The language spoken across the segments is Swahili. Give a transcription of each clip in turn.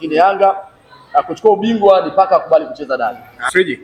lakini Yanga na kuchukua ubingwa ni paka akubali kucheza ndani.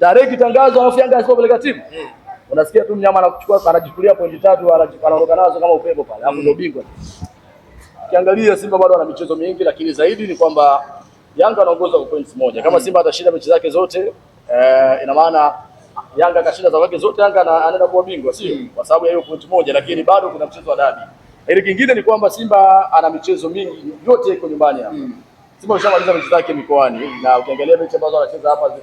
Tarehe kitangazwa alafu Yanga asipopeleka timu hmm. Unasikia tu mnyama anachukua anajifulia pointi tatu anaondoka nazo kama upepo pale, alafu ndio bingwa. Ukiangalia Simba bado ana michezo mingi, lakini zaidi ni kwamba Yanga anaongoza kwa points moja. Kama hmm. Simba atashinda mechi zake zote eh, ina maana Yanga kashinda zake zote, Yanga anaenda kuwa bingwa, sio Hmm. kwa sababu ya hiyo point moja, lakini bado kuna mchezo wa dabi. Ile kingine ni kwamba Simba ana michezo mingi yote iko nyumbani hapa. Hmm. Simba ameshamaliza mechi zake mikoani na ukiangalia mechi ambazo anacheza hapa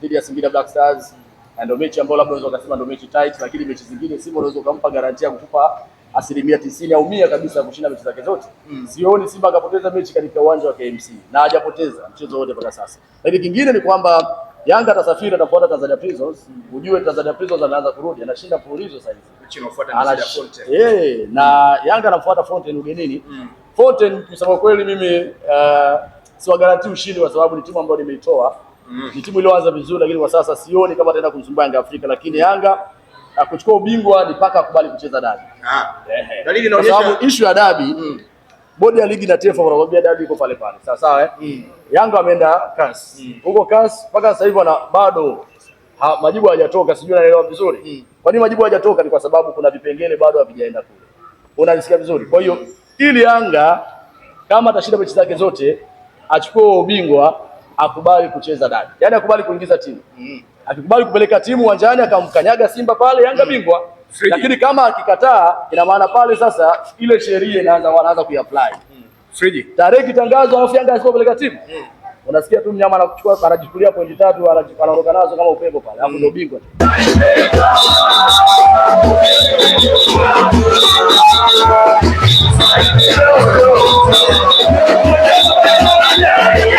dhidi ya Singida Black Stars na ndio mechi ambayo labda unaweza kusema ndio mechi tight, lakini mechi zingine Simba unaweza kumpa garantia ya kutupa asilimia tisini au mia kabisa kushinda mechi zake zote. Mm. Sioni Simba akapoteza mechi katika uwanja wa KMC na hajapoteza mchezo wote mpaka sasa. Lakini kingine ni kwamba Yanga atasafiri atafuata Tanzania Prisons. Mm. Ujue Tanzania Prisons anaanza kurudi, anashinda mfululizo sasa hivi. Mechi inafuata ni Fountain. Eh, na Yanga anafuata Fountain ugenini. Mm. Fountain kusema kweli mimi uh, eh, siwagarantii ushindi kwa sababu ni timu ambayo nimeitoa. Mm. Ni timu iliyoanza vizuri lakini kwa sasa sioni kama ataenda kumsumbua Yanga Afrika, lakini Yanga eh, kuchukua ubingwa ni mpaka akubali kucheza dabi. Ah. Yeah. Dalili inaonyesha sababu issue ya dabi mm. Bodi ya ligi na TFF wanakuambia dabi iko pale pale. Sawa sawa eh? Mm. Yanga wameenda CAS. Mm. Huko mm. CAS mpaka sasa hivi wana bado ha, majibu hayajatoka, sijui naelewa vizuri. Mm. Kwa nini majibu hayajatoka? Ni kwa sababu kuna vipengele bado havijaenda kule. Unanisikia vizuri? Kwa hiyo mm ili Yanga kama atashinda mechi zake zote achukue ubingwa, akubali kucheza ndani, yaani akubali kuingiza timu mm. akikubali kupeleka timu uwanjani akamkanyaga Simba pale, Yanga mm. bingwa mm. lakini kama akikataa, ina maana pale sasa ile sheria inaanza wanaanza kuiapply mm. tarehe kitangazo, alafu Yanga asipopeleka timu mm. unasikia tu mnyama anakuchukua, anajifulia pointi tatu, anaondoka nazo kama upepo pale, alafu mm. ndio bingwa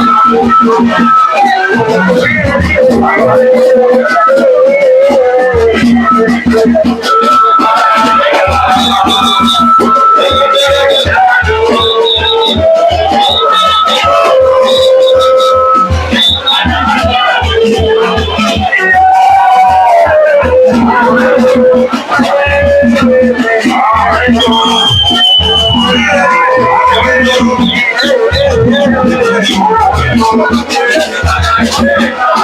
Thank you. Thank you.